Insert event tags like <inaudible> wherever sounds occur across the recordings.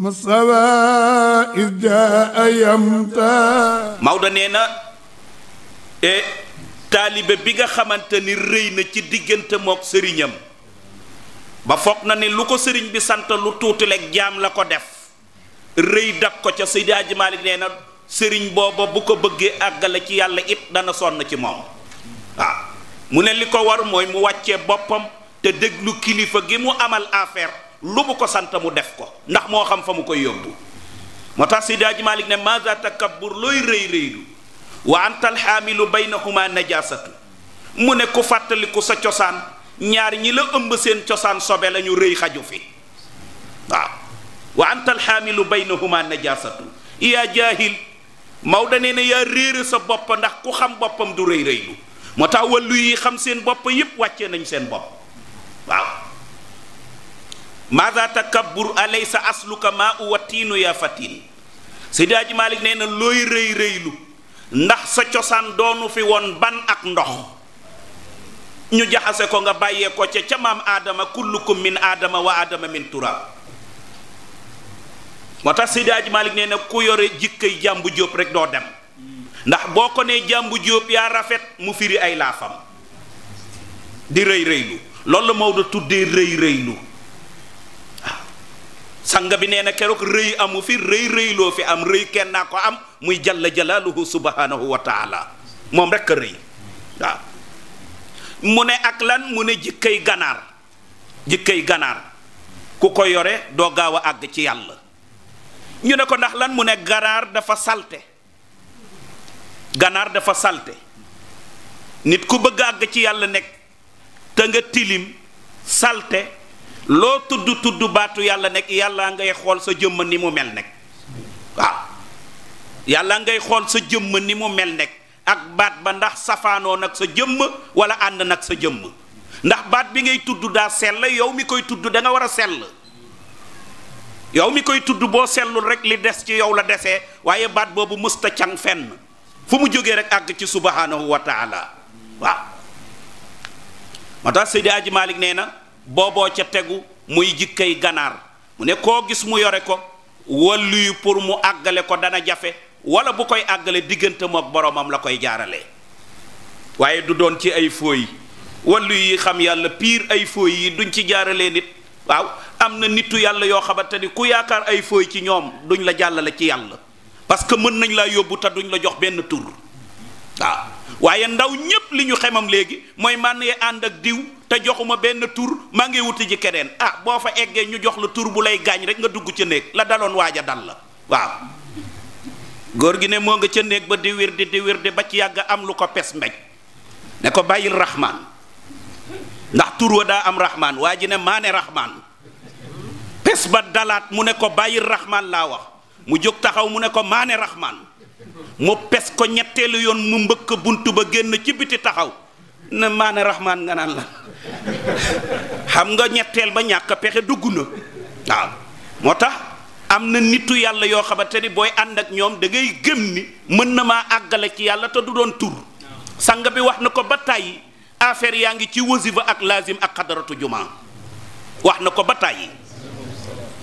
masawa is jaa yamta Maodo nee na e taalibe bi nga xamante ni rëy na ci diggante mook sëriñam ba foog na ni lu ko sëriñ bi sant lu tuuti lekk jaam la ko def rëy dak ko ca Seydi Hadji Malick nee sëriñ booba bu ko bëggee àggale ci yàlla it dana sonn ci moom ah, mu ne li ko war mooy mu wàccee boppam te déglu kilifa gi mu amal affaire lu mu ko sant mu def ko ndax moo xam fa mu koy yóbbu moo tax Seydi Hadji Malick ne maza buur looy rëy rëylu wa antal xaamilu baynahuma najasatu mu ne ku fàttaliku sa cosaan ñaar ñi la ëmb seen cosaan sobe la ñu rëy xaju fi waaw wa antal xaamilu baynahuma najasatu yaa jaahil Maodo nee na yaa réere sa boppa ndax ku xam boppam du rëy rëylu moo tax wàllu yi xam seen bopp yépp wàccee nañ seen bopp maada takabbur alaysa sa maa u wa tiinu yaa fatiin Seydi Hadji Malick nee na looy rëy rëylu ndax sa cosaan doonu fi woon ban ak ndox ñu jaxase ko nga bàyyee ko ca ca maam aadama kullukum min aadama wa aadama min turaab moo tax Seydi Hadji nee na ku yore jikkay jàmbu jóob rek doo dem ndax boo ko nee jàmbu jóob yaa rafet mu firi ay laafam di rëy rëylu loolu la Maodo tuddee rëy rëylu sang bi nee na keroog rëy amu fi rëy rëyloo fi am rëy kenn naa ko am muy jalla jalaaluhu subhanahu wa taala moom rekk a rëy mu ne ak lan mu ne jikkay ganaar jikkay ganaar ku ko yore doo gaaw a àgg ci yàlla ñu ne ko ndax lan mu ne ganaar dafa salte ganaar dafa salte nit ku bëgg àgg ci yàlla nekk te nga tilim salte loo tudd tudd baatu yàlla nekk yàlla ngay xool sa jëmm ni mu mel nekk waaw yàlla ngay xool sa jëmm ni mu mel nekk ak baat ba ndax safaanoo nag sa jëmm wala ànd nag sa jëmm ndax baat bi ngay tudd daa sell yow mi koy tudd da war a sell yow mi koy tudd boo sellul rek li des ci yow la desee waaye baat boobu mësta cang fenn fu mu jógee rek àgg ci subhanahu wa taala waaw moo tax Seydi Aji Malik nee na booboo ca tegu muy jikk ay ganaar mu ne koo gis mu yore ko wàlluyu pour mu àggale ko dana jafe wala bu koy àggale diggante mook boromam la koy jaarale waaye du doon ci ay fooy wàllu yi xam yàlla piir ay fooy yi duñ ci jaarale nit waaw am na nitu yàlla yoo xamante ni ku yaakaar ay fooy ci ñoom duñu la jàllale ci yàlla parce que mën nañ laa yóbbu te duñ la jox benn tur waaye ndaw ñépp li ñu xemam léegi mooy man ngi ànd ak diw te joxuma benn tur maa ngi wuti ji keneen ah boo fa eggee ñu jox la tur bu lay gaañ rek nga dugg ca néeg la daloon waaja dal la waaw góor gi ne moo nga ca néeg ba di wir di ba ci yàgg am lu ko pes mbéj ne ko bàyyil raxmaan ndax tur wa daa am raxmaan waa ji ne maane ne raxmaan pes ba dalaat mu ne ko bàyyil raxmaan laa wax mu jóg taxaw mu ne ko maane ne raxmaan mu pes ko ñetteelu yoon mu mbëkk bunt ba génn ci biti taxaw na maane rahmaan nga naan la xam nga ñetteel ba ñàkk pexe dugg na waaw moo tax am na nitu yàlla yoo xamante ni booy ànd ak ñoom da ngay gëm ni mën na maa àggale ci yàlla te du doon tur sang bi wax na ko ba tàyyi affaire yaa ngi ci wasifa ak lazim ak xadaratu jumaa wax na ko ba tàyyi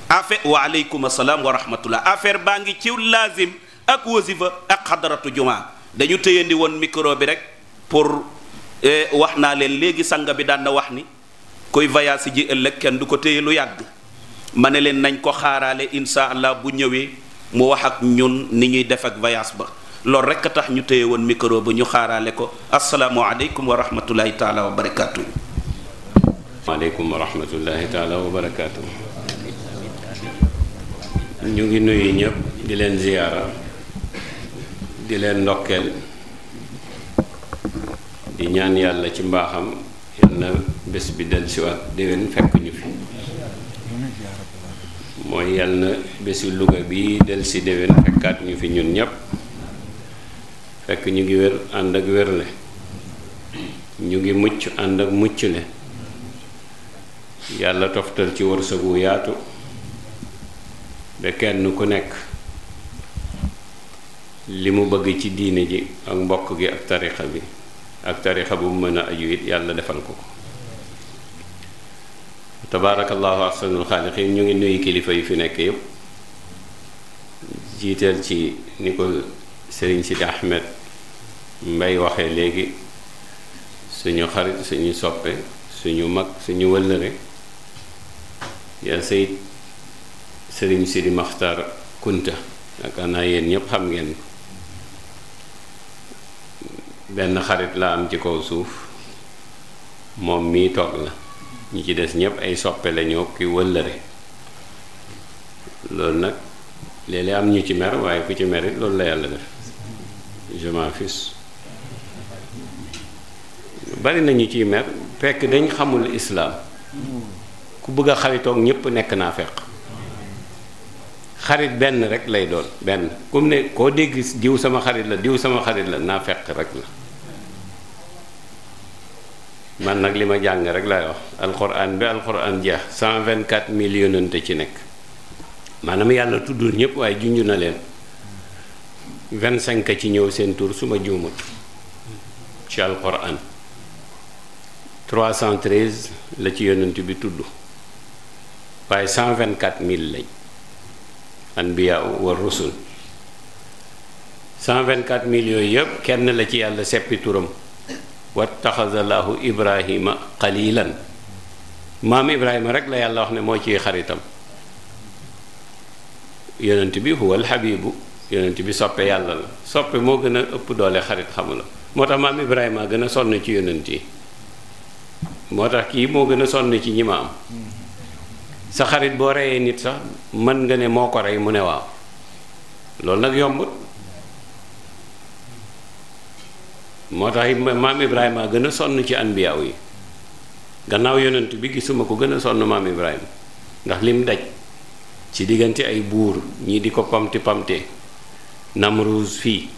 affaire waaleykum asalaam wa rahmatullah affaire baa ngi ci lazim ak wasifa ak xadaratu juma dañu tëyandi woon micro bi rek pour eh, wax naa leen léegi sanga bi daan wax ni kuy voyage ji ëllëg kenn du ko téye lu yàgg ma ne leen nañ ko xaarale insha allah bu ñëwee mu wax ak ñun ni ñuy def ak voyage ba loolu rek a tax ñu téye woon micro ba ñu xaaraale ko asalaamualeykum wa rahmatullahi taala wa barakaatu. waaleykum wa taala wa barakaatu. ñu ngi nuyu ñëpp di leen ziyaara. di leen ndokkeel di ñaan yàlla ci mbaaxam yal na bés bi dellusiwaat déwén fekk ñu fi mooy yal bési Louga bi dellusi déwén fekkaat ñu fi ñun ñëpp fekk ñu ngi wér ànd ak wérle ñu ngi mucc ànd ak mucc le yàlla toftal ci wu yaatu ba kenn ku nekk li mu bëgg ci diine ji ak mbokk gi ak tarixa bi ak tarixa bu mu mën a aju it yàlla defal ko ko tabaarakallaahu ahsanul xaaliqiin ñu ngi nuyu kilifa yu fi nekk yëpp jiiteel ci ni ko sëriñ Sidi Ahmed Mbay waxee léegi suñu xarit suñu soppe suñu mag suñu wëllëre yaa sayit sëriñ Sidi Maxtar Kunta yaakaar naa yéen ñépp xam ngeen ko benn xarit la am ci kaw suuf moom mii toog la ñu ci des ñépp ay soppe lañoo ki wëllëre loolu nag léeg am ñu ci mer waaye ku ci merit loolu la yàlla def je m'en fiche bari nañu ciy mer fekk dañ xamul islaam ku bëgg a xaritoog ñépp nekk naa fekk xarit benn rek lay doon benn comme ne koo dégg diw sama xarit la diw sama xarit la naa fekk rek la man nag li ma jàng rek laay wax alxuraan bi alxuraan jeex cent vingt 124 millions yonente ci nekk maanaam yàlla tuddul ñëpp waaye junj na leen vingt 25 ci ñëw seen tur su ma juumut ci alxuraan la ci yonent bi tudd waaye 124 mille lañ bi anbiya wa rusul 124 mille yooyu yëpp kenn la ci yàlla seppi turam. wattaxazallahu ibrahima xalilan maam ibrahima rek la yàlla wax ne moo ciy xaritam yonent bi huwal xabibu yonent bi soppe yàlla la soppe moo gën a ëpp doole xarit xamu la moo tax maam ibrahima gën a sonn ci yonent yi moo tax kii moo gën a sonn ci ñi ma am sa xarit boo reyee nit sax man nga ne moo ko rey mu ne waaw loolu nag yombut moo tax maam Ibrahima gën a sonn ci anbiyaaw yi gannaaw yonent bi gisuma ko gën a sonn maam Ibrahima ndax lim daj ci diggante ay buur ñii di ko pamti pamte Namruus fii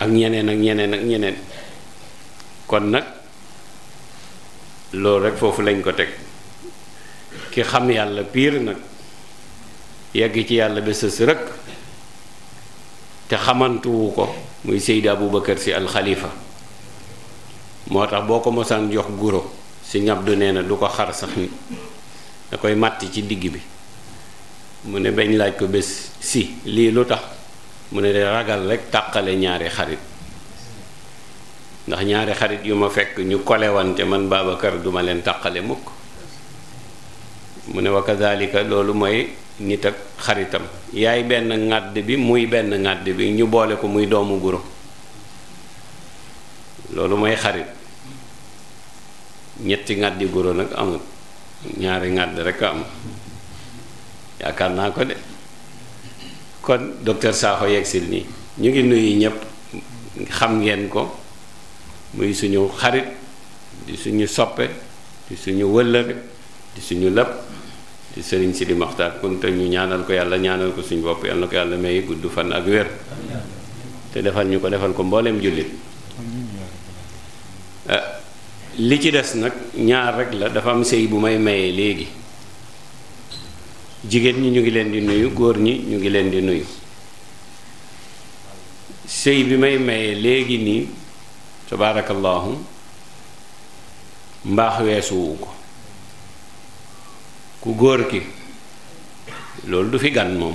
ak ñeneen ak ñeneen ak ñeneen kon nag loolu rek foofu lañ ko teg ki xam yàlla piir nag yegg ci yàlla ba sës rek te xamantuwu ko muy Seydi Aboubacar si alxalifa moo tax boo ko mosaan jox guro si ñab du nee na du ko xar sax ni da koy màtt ci digg bi mu ne bañ laaj ko bés si lii lu tax mu ne de ragal rek taqale ñaari xarit ndax ñaari xarit yu ma fekk ñu kolewante man Babacar duma leen tàqale mukk mu ne wa kadhalika loolu mooy nit ak xaritam yaay benn ngàdd bi muy benn ngàdd bi ñu boole ko muy doomu guro loolu mooy xarit ñetti ngàddi guro nag amul ñaari ngàdd rekk a am yaakaar naa ko de kon docteur Sakho yegsil nii ñu ngi nuyu ñëpp xam ngeen ko muy suñu xarit di suñu soppe di suñu wëllëre di suñu lépp di sëriñ Sidi Moxtaar Kunta ñu ñaanal ko yàlla ñaanal ko suñu bopp yàlla na ko yàlla may gudd fan ak wér te defal ñu ko defal ko mbooleem jullit ah, li ci des nag ñaar rek la dafa am sëy bu may mayee léegi jigéen ñi ñu ngi leen di nuyu góor ñi ñu ngi leen di nuyu sëy bi may mayee léegi nii tabaarakallaahu mbaax weesuwu ko ku góor ki loolu du fi gan moom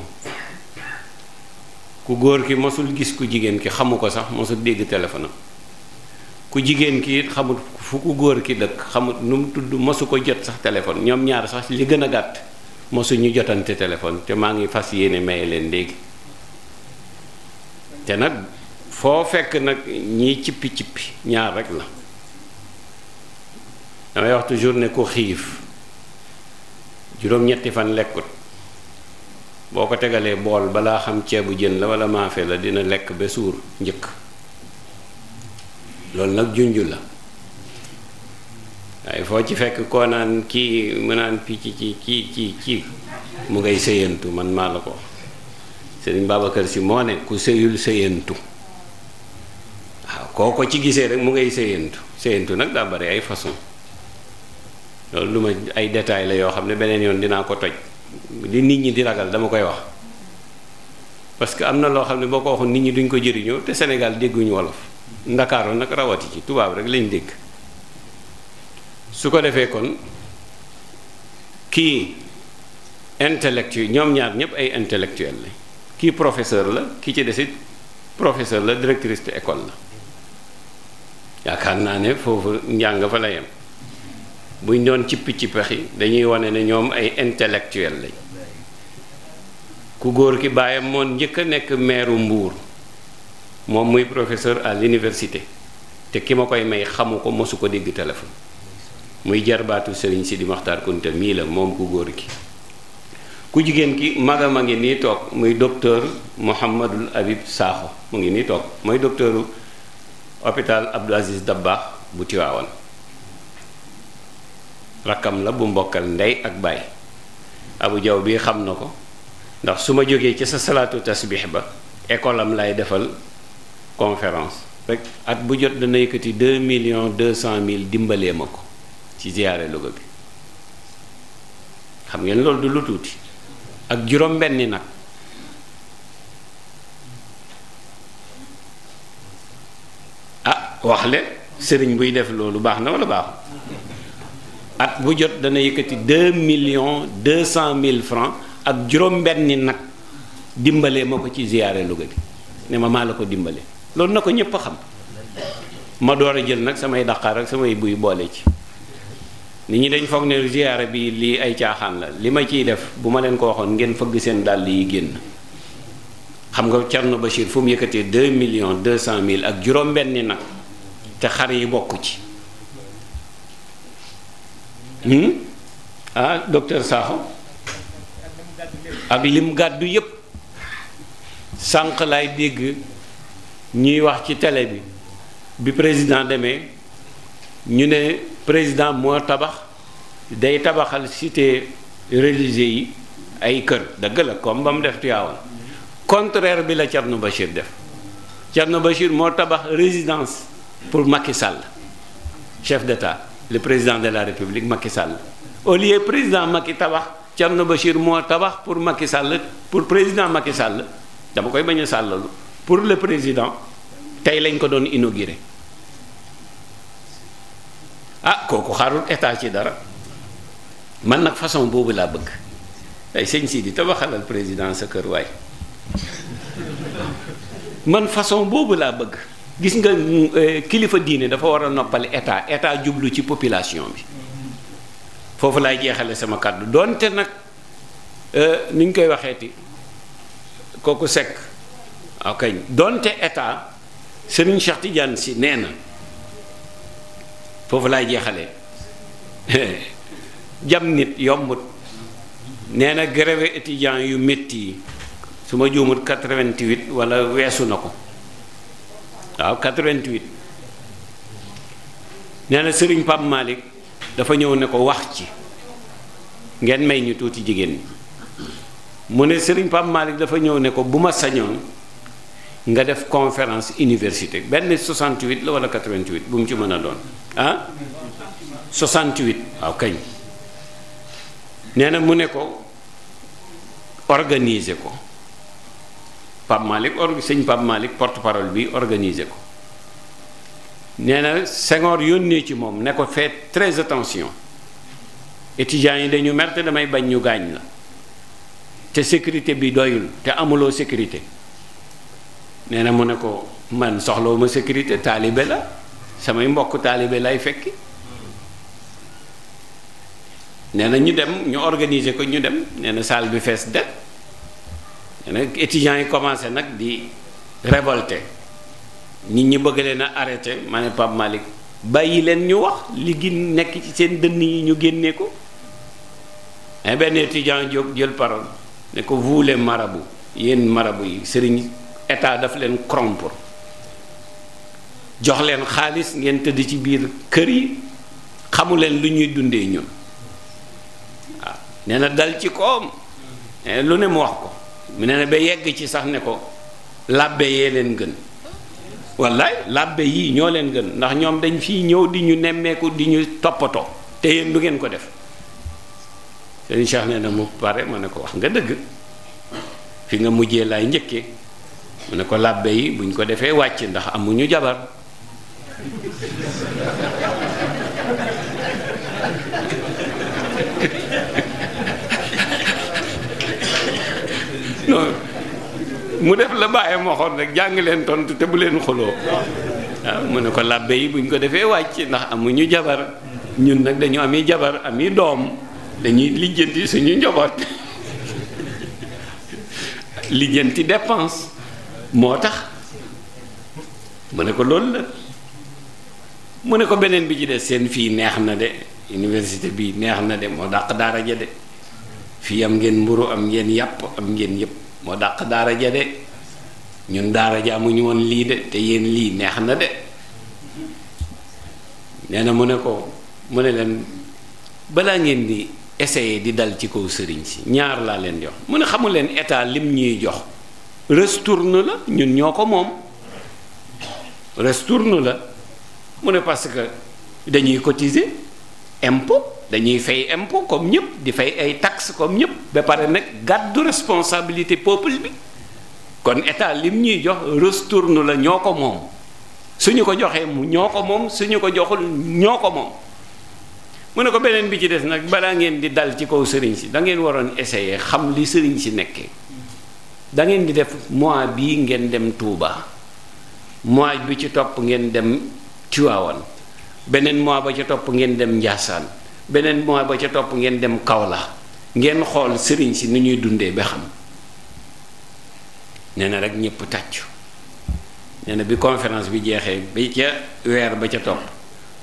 ku góor ki mosul gis ku jigéen ki xamu ko sax mosul dégg téléphone ku jigéen ki it xamut fu ku góor ki dëkk xamut nu mu tudd mosu ko jot sax téléphone ñoom ñaar sax li gën a gàtt mosuñu ñu jotante téléphone te maa ngi fas yéene maye leen léegi te nag foo fekk nag ñii cippi cippi ñaar rek la damay wax toujours ne ku xiif juróom-ñetti fan lekkut boo ko tegalee bool balaa xam ceebu jën la wala maafe la dina lekk ba suur njëkk loolu nag junju la waaye foo ci fekk koo naan kii mu naan picc ci kii kii kii mu ngay sëyantu man maa la ko seen Babacar si moo ne ku sëyul sëyantu waaw koo ko ci gisee rek mu ngay sëyantu sëyantu nag daa bari ay façon loolu lu ma ay détails la yoo xam ne beneen yoon dinaa ko toj li nit ñi di ragal dama koy wax parce que am na loo xam ne boo ko waxoon nit ñi duñ ko jëriñoo te Sénégal dégguñu wolof ndakaaroon nag rawati ci tubaab rek lañ dégg su ko defee kon kii intellectuel ñoom ñaar ñëpp ay intellectuel la kii professeur la ki ci desit professeur la directrice de école la yaakaar naa ne foofu njàng fa la yem buñ doon cippi ci pexi dañuy wane ne ñoom ay intellectuel lañ ku góor ki baayam moon njëkk a nekk meeru Mbuur moom muy professeur à l'université te ki ma koy may xamu ko mosu ko dégg téléphone muy jarbaatu Serigne Sidi Maxtaar Kunta mii la moom ku góor ki ku jigéen ki magam a ngi nii toog muy docteur Mouhamadul Habib Sakho mu ngi nii toog mooy docteuru hôpital Abdou Aziz Dabakh bu Tiwaawan rakkam la bu mbokkal ndey ak baay abu jaw bii xam na ko ndax su ma jógee ci sa salaatu tasbix ba école am lay defal conférence rek at bu jot dana yëkkati deux million deux cent mille dimbalee ma ko ci ziyaare Louga bi xam ngeen loolu du lu tuuti ak juróom benni nag ah wax le sëriñ buy def loolu baax na walla baaxul at bu jot dana yëkkati deux millions cent mille francs ak juróom-benni nag dimbalee ma ko ci ziyaare Louga bi ne ma maa la ko dimbalee loolu na ko ñëpp xam ma door a jël nag samay daqaar ak samay buy boole ci nit ñi dañ foog ne ziyaare bi lii ay caaxaan la li ma ciy def bu ma leen ko waxoon ngeen fëgg seen dàll yi génn xam nga Thierno Bachir fu mu yëkkatee deux millions deux cent mille ak juróom-benni nag te xar yi bokk ci. Hmm? ah docteur Sakho ak lim gàddu yépp sànq lay dégg ñuy wax ci tele bi bi président demee ñu ne président moo tabax day tabaxal cité religieux yi ay kër dëgg la comme ba mu def Tivaouane contraire bi la Thierno Bachir def Thierno Bachir moo tabax résidence pour Macky Sall chef d'État le président de la république Macky Sall au lieu président Macky tabax Thierno Bachir moo tabax pour Macky sàll pour président Macky sàll dama koy bañ a sàllalu pour le président tey lañ ko doon inauguré ah kooku xaarul état ci dara man nag façon boobu laa bëgg ay sëñ si di tabaxalal président sa kër waay man façon boobu laa bëgg. gis nga eh, kilifa diine dafa war a noppal état état jublu ci population bi foofu laay jeexale sama kàddu doonte nag eh, ni ñu koy waxeeti kooku sekk ok ah, doonte état Serigne Cheikh Tidiane si nee na foofu laay jeexale <laughs> jam nit yombut nee na grève yu métti yi su ma juumut 88 wala weesu na ko waaw 88 nee na Serigne pam Malick dafa ñëw ne ko wax ci ngeen may ñu tuuti jigéen ñi mu ne Serigne Pape Malick dafa ñëw ne ko bu ma sañoon nga def conférence université benn 68 la wala 88 bu mu ci mën a doon ah 68 waaw kañ nee na mu ne ko organiser ko. Pape Malick or sëñ Pape Malick porte-parole bi organisé ko nee na Senghor yónnee ci moom ne ko fait très attention étudiants yi dañu mer te damay bañ ñu gaañ la te sécurité bi doyul te amuloo sécurité nee na mu ne ko man ma sécurité taalibe la samay mbokk taalibe lay fekki nee na ñu dem ñu organiser ko ñu dem nee na bi fees det nag étudiants yi commencé nag di révolté nit ñi bëgg leen a arrêté ma ne Pape Malick bàyyi leen ñu wax li gi nekk ci seen dënn yi ñu génnee ko mais eh benn étudiant jóg jël parole ne ko vous marabu marabouts marabu yi sëriñ état daf leen corrompre jox leen xaalis ngeen tëdd ci biir kër yi xamuleen lu ñuy dundee ñun waaw nee na dal ci koom eh lu ne mu wax ko mu ne ba yegg ci sax ne ko làbbe yee leen gën wallaay làbbe yii ñoo leen gën ndax ñoom dañ fiy ñëw di ñu nemmeeku di ñu toppatoo te yéen du ngeen ko def sëriñ Cheikh ne na mu pare ma ne ko wax nga dëgg fi nga mujjee laay njëkkee mu ne ko làbbe yi buñ ko defee wàcc ndax amuñu jabar non <laughs> mu def la bàyyam waxoon rek jàng leen tontu te bu leen xuloo waaw mu ne ko làbbe yi buñ ko defee wàcc ndax amuñu jabar ñun nag dañu ami jabar ami doom dañuy lijjanti suñu njaboot <laughs> lijjanti dépense moo tax mu ne ko lool la mu ne ko beneen bi ci des seen fii neex na de université bii neex na de moo dàq daara ja de fii am ngeen mburu am ngeen yàpp am ngeen yëpp moo dàq daara ja de ñun daara ja amuñu woon lii de te yéen lii neex na de nee na mu ne ko mu ne leen balaa ngeen di essayer di dal ci kaw sëriñ si ñaar laa leen jox mu ne xamu leen état lim ñuy jox restourne la ñun ñoo ko moom restourne la mu ne parce que dañuy cotisé impo dañuy fay impo comme ñëpp di fay ay taxes comme ñëpp ba pare nag gàddu responsabilité peuple bi kon état lim ñuy jox retourne la ñoo ko moom suñu ko joxee mu ñoo ko moom suñu ko joxul ñoo ko moom mu ne ko beneen bi ci des nag balaa ngeen di dal ci kaw sëriñ si da ngeen waroon essayer xam li sëriñ si nekkee da ngeen di def mois bi ngeen dem Touba mois bi ci topp ngeen dem Tivaouane beneen mois ba ca topp ngeen dem Njaasaan beneen mois ba ca topp ngeen dem kaw la ngeen xool sëriñ si nu ñuy dundee ba xam nee na rek ñépp tàccu nee bi conférence bi jeexee bi ca weer ba ca topp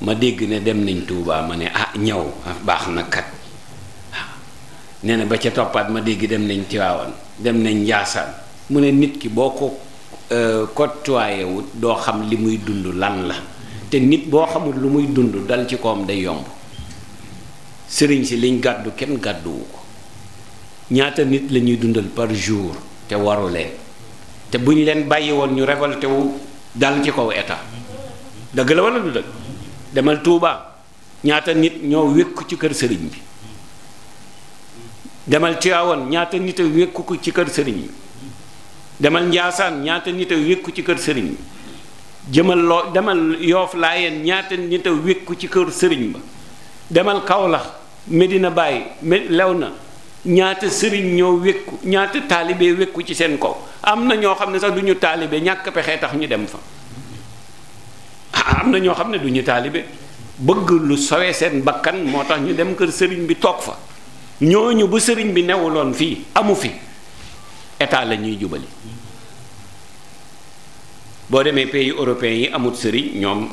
ma dégg ne dem nañ Touba ma ne ah ñëw baax na kat ah. nee na ba ca toppaat ma dégg dem nañ Tiwaawan dem nañ Njaasaan mu ne nit ki boo ko euh, côtoyé wut doo xam li muy dund lan la te nit boo xamul lu muy dund dal ci koom day yomb sëriñ si liñ gàddu kenn gàdduwu ko ñaata nit lañuy dundal par jour te waru te buñ leen bàyyi woon ñu révolté wu dal ci kaw état dëgg la wala du demal Touba ñaata nit ñoo wékk ci kër sëriñ bi demal Tivaouane ñaata nit a wékku ci kër sëriñ bi demal Njaasaan ñaata nit a wékku ci kër sëriñ bi jëmal loo demal yoof laayeen ñaata nit a wékku ci kër sëriñ ba demal Kaolack Medina Baye lew na ñaata sëriñ ñoo wékku ñaata taalibe wékku ci seen kaw am na ñoo xam ne sax du taalibe ñàkk pexe tax ñu dem fa ah, am na ñoo xam ne du taalibe bëgg lu sowee seen bakkan moo tax ñu dem kër sëriñ bi toog fa ñooñu bu sëriñ bi newuloon fii amu fi état la ñuy jubali boo demee pays européens yi amut sëriñ ñoom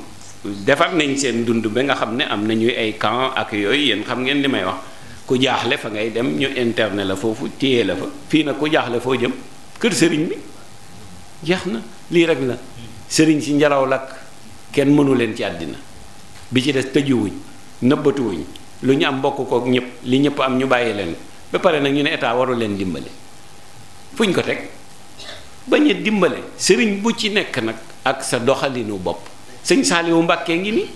defar nañ seen dund bi nga xam ne am nañuy ay camp ak yooyu yéen xam ngeen li may wax ku jaaxle fa ngay dem ñu interne la foofu téye la fa fii nag ku jaaxle foo jëm kër sëriñ bi jeex na lii rek la sëriñ si njaraw lakk kenn mënu leen ci àddina bi ci des tëjuwuñ nëbbatuwuñ lu ñu am bokk kook ñëpp li ñëpp am ñu bàyyee leen ba pare nag ñu ne état waru leen dimbali fuñ ko teg bañ a dimbale sëriñ bu ci nekk nag ak sa doxalinu bopp sëñ Saaliwu Mbàkke ngi nii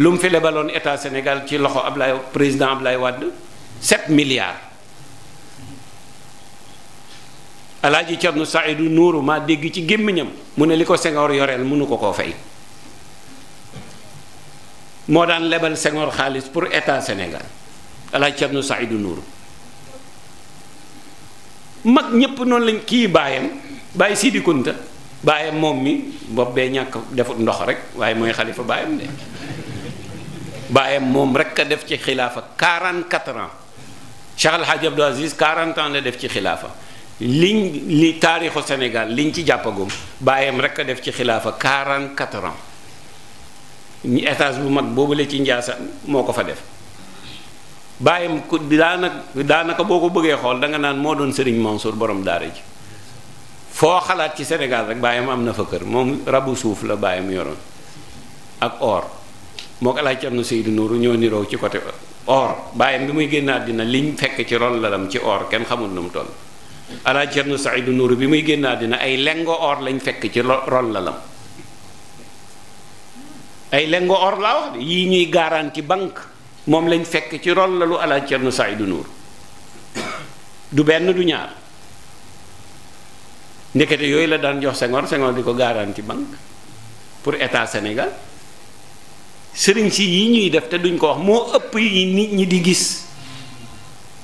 lu mu fi lebaloon état senegal ci loxo Ablaye président Ablaye Wade 7 milliards alaaji Cerno Saidu Nuuru maa dégg ci gémmiñam mu ne li ko Senghor yoreel mënu ko koo fay moo daan lebal Senghor xaalis pour état senegal alaaji Cerno Saidu Nuuru mag ñëpp noonu lañ kii baayam bàyyi Sidi Kunta baayam moom mi bopp bee ñàkk defut ndox rek waaye mooy xalifa baayam de baayam moom rek a def ci xilaafa 44 ans Cheikh El Hadj Abdou Aziz 40 ans la def ci xilaafa liñ li taarixu Sénégal liñ ci jàppagum baayam rek a def ci xilaafa 44 ans ñu étage bu mag boobu la ci Njaasaan moo ko fa def. bàyyam ku daanaka daanaka boo ko bëggee xool da naan moo doon Serigne Mansour borom daara ji foo xalaat ci Sénégal rek bàyyam am na fa kër moom rabu suuf la bàyyam yoroon ak or moo ko laaj ci am na Seydou Nourou ñoo niroo ci côté or bàyyam bi muy génn àddina liñ fekk ci ron lalam ci or kenn xamul nu mu toll alaaj Cerno Saydu Nuuru bi muy génn àddina ay lengo or lañ fekk ci ron lalam ay lengo or laa wax yii ñuy garanti banque moom lañ fekk ci rol la lu alaaj Cerno Saydu Nuur du benn du ñaar ndekete yooyu la daan jox Senghor Senghor di ko garanti banque pour état Sénégal sëriñ si yi ñuy def te duñ ko wax moo ëpp yi nit ñi di gis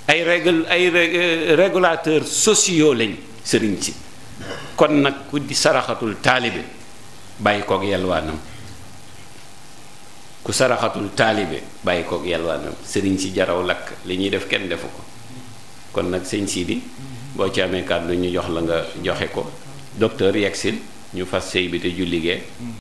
ay règle ay euh, régulateurs sociaux lañ sëriñ si kon nag ku di saraxatul taalibe bàyyi koog yalwaanam ku saraxatul taalibe bàyyi kook yàllaanam sëriñ si jaraw lakk li ñuy def kenn defu ko kon nag sëñ Sidi boo ci amee kàddu ñu jox la nga joxe ko docteur yegsil ñu fas sëy bi te ju liggéey